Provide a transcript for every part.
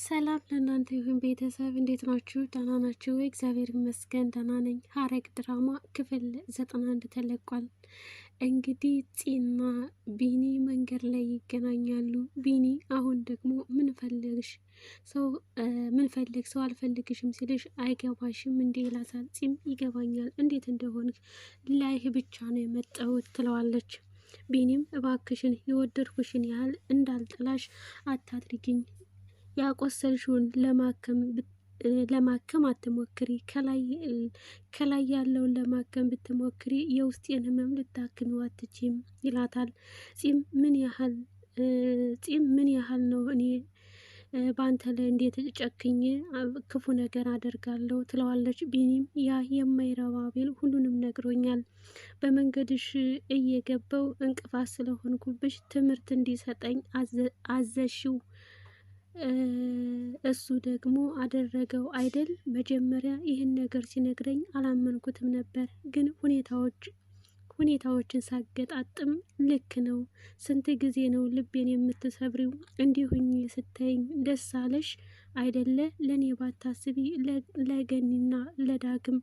ሰላም ለእናንተ ይሁን ቤተሰብ፣ እንዴት ናችሁ? ደህና ናችሁ? እግዚአብሔር ይመስገን ደህና ነኝ። ሐረግ ድራማ ክፍል ዘጠና አንድ ተለቋል። እንግዲህ ጺና ቢኒ መንገድ ላይ ይገናኛሉ። ቢኒ አሁን ደግሞ ምን ሰው ምን ፈልግ ሰው አልፈልግሽም ሲልሽ አይገባሽም እንዴ ይላታል። ጺም ይገባኛል እንዴት እንደሆንክ ላይህ ብቻ ነው የመጣሁት ትለዋለች። ቢኒም እባክሽን የወደድኩሽን ያህል እንዳልጥላሽ አታድርጊኝ ያቆሰልሽውን ለማከም ለማከም አትሞክሪ። ከላይ ያለውን ለማከም ብትሞክሪ የውስጤን ህመም ልታክሚው አትችም ይላታል። ጺም ምን ያህል ጺም ምን ያህል ነው እኔ በአንተ ላይ እንዴት ጨክኜ ክፉ ነገር አደርጋለሁ ትለዋለች። ቢኒም ያ የማይረባ ቤል ሁሉንም ነግሮኛል። በመንገድሽ እየገባው እንቅፋት ስለሆንኩብሽ ትምህርት እንዲሰጠኝ አዘሽው እሱ ደግሞ አደረገው አይደል? መጀመሪያ ይህን ነገር ሲነግረኝ አላመንኩትም ነበር፣ ግን ሁኔታዎች ሁኔታዎችን ሳገጣጥም ልክ ነው። ስንት ጊዜ ነው ልቤን የምትሰብሪው? እንዲሁኝ ስታይኝ ደስ አለሽ አይደለ? ለእኔ ባታስቢ ለገኒና ለዳግም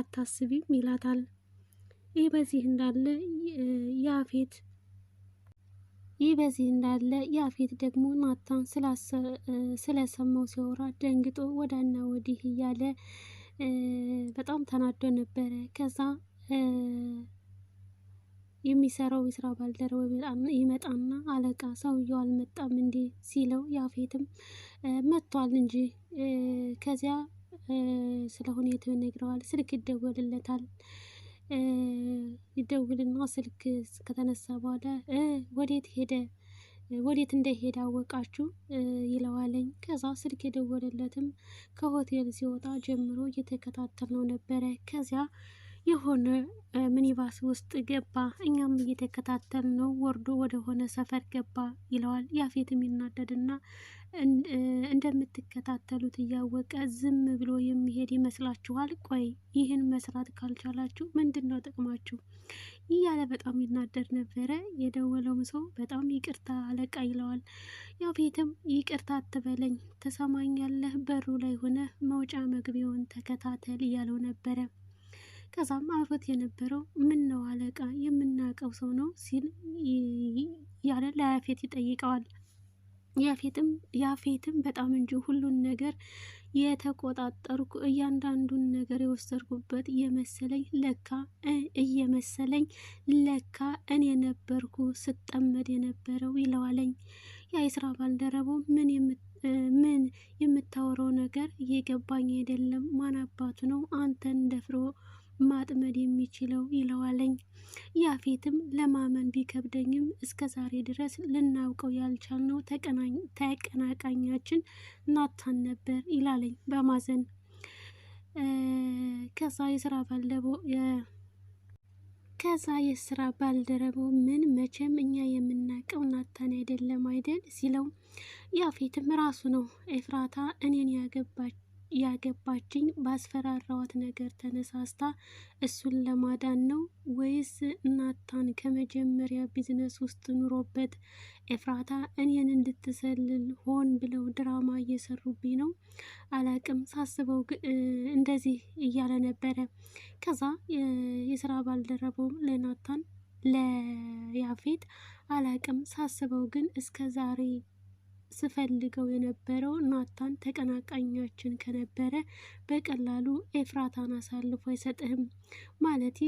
አታስቢም ይላታል። ይህ በዚህ እንዳለ ያፌት ይህ በዚህ እንዳለ ያፌት ደግሞ ናታን ስለሰማው ሲያወራ ደንግጦ ወዳና ወዲህ እያለ በጣም ተናዶ ነበረ። ከዛ የሚሰራው የስራ ባልደረባ ይመጣና አለቃ ሰውየው አልመጣም እንዴ ሲለው ያፌትም መጥቷል እንጂ ከዚያ ስለ ሁኔታው ይነግረዋል። ስልክ ይደወልለታል። ይደውልና ስልክ ከተነሳ በኋላ ወዴት ሄደ ወዴት እንደሄደ አወቃችሁ ይለዋለኝ። ከዛ ስልክ የደወለለትም ከሆቴል ሲወጣ ጀምሮ እየተከታተል ነው ነበረ። ከዚያ የሆነ ሚኒባስ ውስጥ ገባ። እኛም እየተከታተል ነው። ወርዶ ወደሆነ ሰፈር ገባ ይለዋል። ያፌትም ይናደድና እንደምትከታተሉት እያወቀ ዝም ብሎ የሚሄድ ይመስላችኋል? ቆይ ይህን መስራት ካልቻላችሁ ምንድን ነው ጥቅማችሁ? እያለ በጣም ይናደድ ነበረ። የደወለውም ሰው በጣም ይቅርታ አለቃ ይለዋል። ያፌትም ይቅርታ አትበለኝ፣ ትሰማኛለህ? በሩ ላይ ሆነ መውጫ መግቢያውን ተከታተል እያለው ነበረ። ከዛም አብሮት የነበረው ምን ነው አለቃ የምናውቀው ሰው ነው ሲል ያለ ለያፌት ይጠይቀዋል። ያፌትም ያፌትም በጣም እንጂ ሁሉን ነገር የተቆጣጠርኩ እያንዳንዱን ነገር የወሰድኩበት እየመሰለኝ ለካ እየመሰለኝ ለካ እኔ ነበርኩ ስጠመድ የነበረው ይለዋለኝ። ያ የስራ ምን ምን የምታወራው ነገር እየገባኝ አይደለም። ማን አባቱ ነው አንተን ደፍሮ ማጥመድ የሚችለው ይለዋለኝ። ያፌትም ለማመን ቢከብደኝም እስከ ዛሬ ድረስ ልናውቀው ያልቻልነው ተቀናቃኛችን ናታን ነበር ይላለኝ በማዘን ከዛ የስራ ከዛ የስራ ባልደረበው ምን መቼም እኛ የምናውቀው ናታን አይደለም አይደል ሲለው ያፌትም ራሱ ነው ኤፍራታ እኔን ያገባች ያገባችኝ ባስፈራራዋት ነገር ተነሳስታ እሱን ለማዳን ነው ወይስ ናታን ከመጀመሪያ ቢዝነስ ውስጥ ኑሮበት ኤፍራታ እኔን እንድትሰልል ሆን ብለው ድራማ እየሰሩብኝ ነው? አላቅም። ሳስበው እንደዚህ እያለ ነበረ። ከዛ የስራ ባልደረበውም ለናታን ለያፌት አላቅም። ሳስበው ግን እስከ ዛሬ ስፈልገው የነበረው ናታን ተቀናቃኛችን ከነበረ በቀላሉ ኤፍራታን አሳልፎ አይሰጥህም። ማለቴ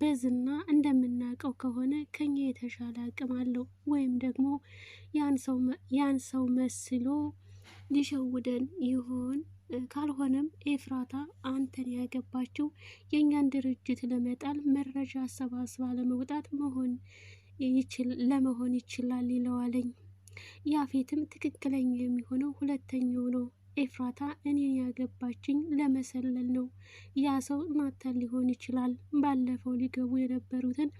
በዝና እንደምናውቀው ከሆነ ከኛ የተሻለ አቅም አለው ወይም ደግሞ ያን ሰው መስሎ ሊሸውደን ይሆን? ካልሆነም ኤፍራታ አንተን ያገባችው የእኛን ድርጅት ለመጣል መረጃ አሰባስባ ለመውጣት መሆን ለመሆን ይችላል ይለዋለኝ። ያፌትም ትክክለኛ የሚሆነው ሁለተኛው ነው። ኤፍራታ እኔን ያገባችኝ ለመሰለል ነው። ያ ሰው ናታን ሊሆን ይችላል። ባለፈው ሊገቡ የነበሩትን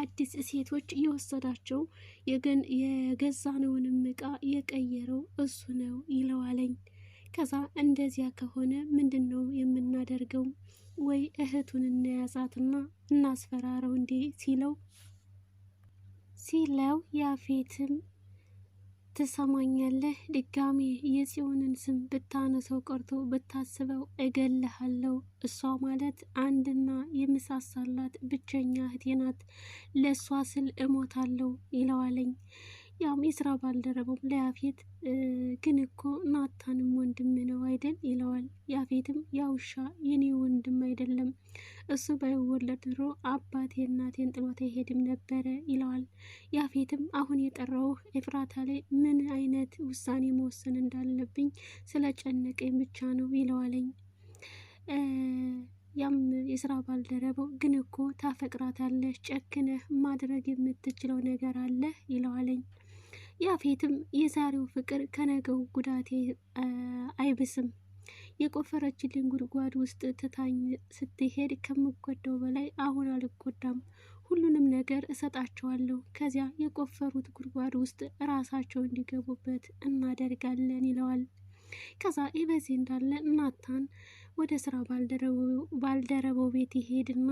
አዲስ ሴቶች የወሰዳቸው የገዛነውንም እቃ የቀየረው እሱ ነው ይለዋለኝ። ከዛ እንደዚያ ከሆነ ምንድን ነው የምናደርገው? ወይ እህቱን እናያዛትና እናስፈራረው እንዴ ሲለው ሲለው ያፌትም ትሰማኛለህ? ድጋሜ የጽዮንን ስም ብታነሰው ቀርቶ ብታስበው እገልሃለሁ። እሷ ማለት አንድና የምሳሳላት ብቸኛ እህቴ ናት። ለእሷ ስል እሞታለሁ ይለዋለኝ። ያም የስራ ባልደረባው ለያፌት ግን እኮ ናታንም ወንድም ነው አይደል ይለዋል። ያፌትም ያውሻ የኔ ወንድም አይደለም፣ እሱ ባይወለድ ድሮ አባቴ እናቴን ጥሎት አይሄድም ነበረ ይለዋል። ያፌትም አሁን የጠራውህ ኤፍራታ ላይ ምን አይነት ውሳኔ መወሰን እንዳለብኝ ስለጨነቀኝ ብቻ ነው ይለዋለኝ። ያም የስራ ባልደረባው ግን እኮ ታፈቅራታለህ፣ ጨክነህ ማድረግ የምትችለው ነገር አለ ይለዋለኝ። ያፌትም የዛሬው ፍቅር ከነገው ጉዳቴ አይብስም የቆፈረችልኝ ጉድጓድ ውስጥ ትታኝ ስትሄድ ከምጎዳው በላይ አሁን አልጎዳም። ሁሉንም ነገር እሰጣቸዋለሁ። ከዚያ የቆፈሩት ጉድጓድ ውስጥ ራሳቸው እንዲገቡበት እናደርጋለን ይለዋል። ከዛ ይህ በዚህ እንዳለ ናታን ወደ ስራ ባልደረበው ቤት ይሄድና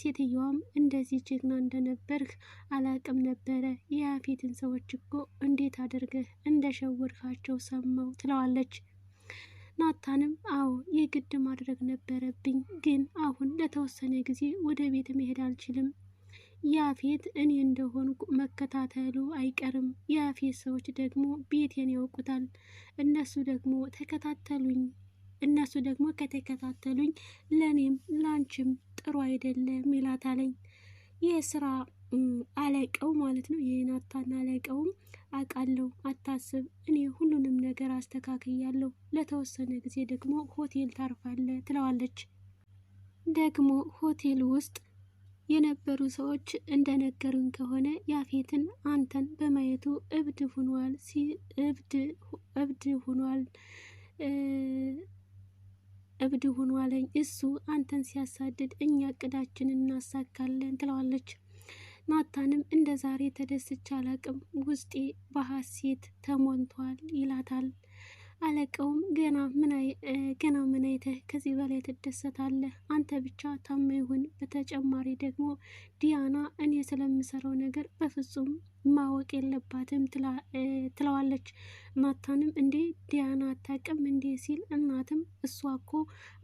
ሴትየዋም እንደዚህ ጀግና እንደነበርህ አላቅም ነበረ። የያፌትን ሰዎች እኮ እንዴት አድርገህ እንደሸወድካቸው ሰማው ትለዋለች። ናታንም አዎ የግድ ማድረግ ነበረብኝ፣ ግን አሁን ለተወሰነ ጊዜ ወደ ቤት መሄድ አልችልም ያፌት እኔ እንደሆንኩ መከታተሉ አይቀርም። ያፌት ሰዎች ደግሞ ቤቴን ያውቁታል። እነሱ ደግሞ ተከታተሉኝ እነሱ ደግሞ ከተከታተሉኝ ለእኔም ላንችም ጥሩ አይደለም ይላታለኝ። የስራ አለቀው ማለት ነው የናታን አለቀውም አቃለው። አታስብ፣ እኔ ሁሉንም ነገር አስተካክያለሁ። ለተወሰነ ጊዜ ደግሞ ሆቴል ታርፋለ ትለዋለች። ደግሞ ሆቴል ውስጥ የነበሩ ሰዎች እንደነገሩን ከሆነ ያፌትን አንተን በማየቱ እብድ ሆኗል እብድ ሁኗል እብድ ሁኗለኝ እሱ አንተን ሲያሳድድ እኛ እቅዳችንን እናሳካለን ትለዋለች። ናታንም እንደ ዛሬ ተደስቼ አላቅም፣ ውስጤ በሀሴት ተሞልቷል ይላታል። አለቀውም ገና ምን ገና ምን አይተህ ከዚህ በላይ ትደሰታለህ? አንተ ብቻ ታማ ይሁን። በተጨማሪ ደግሞ ዲያና እኔ ስለምሰራው ነገር በፍጹም ማወቅ የለባትም ትለዋለች። ናታንም እንዴ ዲያና አታቅም እንዴ ሲል እናትም እሷ እኮ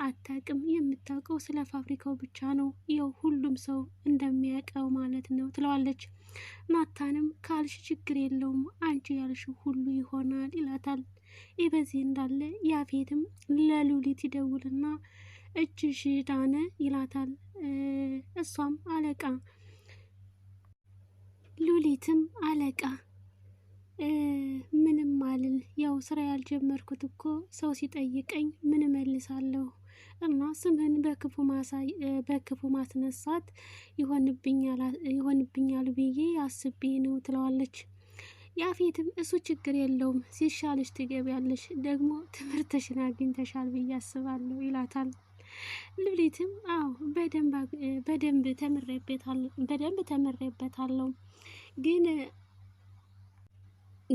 አታቅም የምታውቀው ስለ ፋብሪካው ብቻ ነው፣ ይኸው ሁሉም ሰው እንደሚያውቀው ማለት ነው ትለዋለች። ናታንም ካልሽ ችግር የለውም አንቺ ያልሽ ሁሉ ይሆናል ይላታል። ይህ በዚህ እንዳለ ያፌትም ለሉሊት ይደውልና እጅሽ ዳነ ይላታል። እሷም አለቃ ሉሊትም አለቃ ምንም አልል፣ ያው ስራ ያልጀመርኩት እኮ ሰው ሲጠይቀኝ ምን መልሳለሁ? እና ስምህን በክፉ ማስነሳት ይሆንብኛል ብዬ አስቤ ነው ትለዋለች። ያፌትም እሱ ችግር የለውም ሲሻልሽ ትገቢያለሽ፣ ደግሞ ትምህርትሽን አግኝተሻል ብዬ አስባለሁ ይላታል። ልብሊትም አዎ በደንብ ተምሬበታለሁ፣ ግን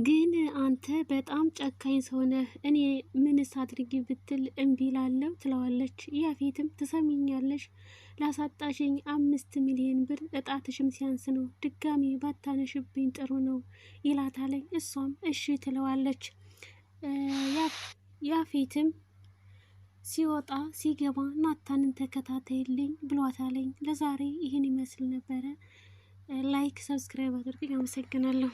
ግን አንተ በጣም ጨካኝ ሰው ነህ፣ እኔ ምንስ አድርጊ ብትል እምቢ እላለሁ ትለዋለች። ያፌትም ትሰሚኛለሽ፣ ላሳጣሽኝ አምስት ሚሊዮን ብር እጣትሽም ሲያንስ ነው፣ ድጋሚ ባታነሽብኝ ጥሩ ነው ይላታለኝ። እሷም እሺ ትለዋለች። ያፌትም ሲወጣ ሲገባ ናታንን ተከታተይልኝ ብሏታለኝ። ለዛሬ ይህን ይመስል ነበረ። ላይክ፣ ሰብስክራይብ አድርገኝ። አመሰግናለሁ።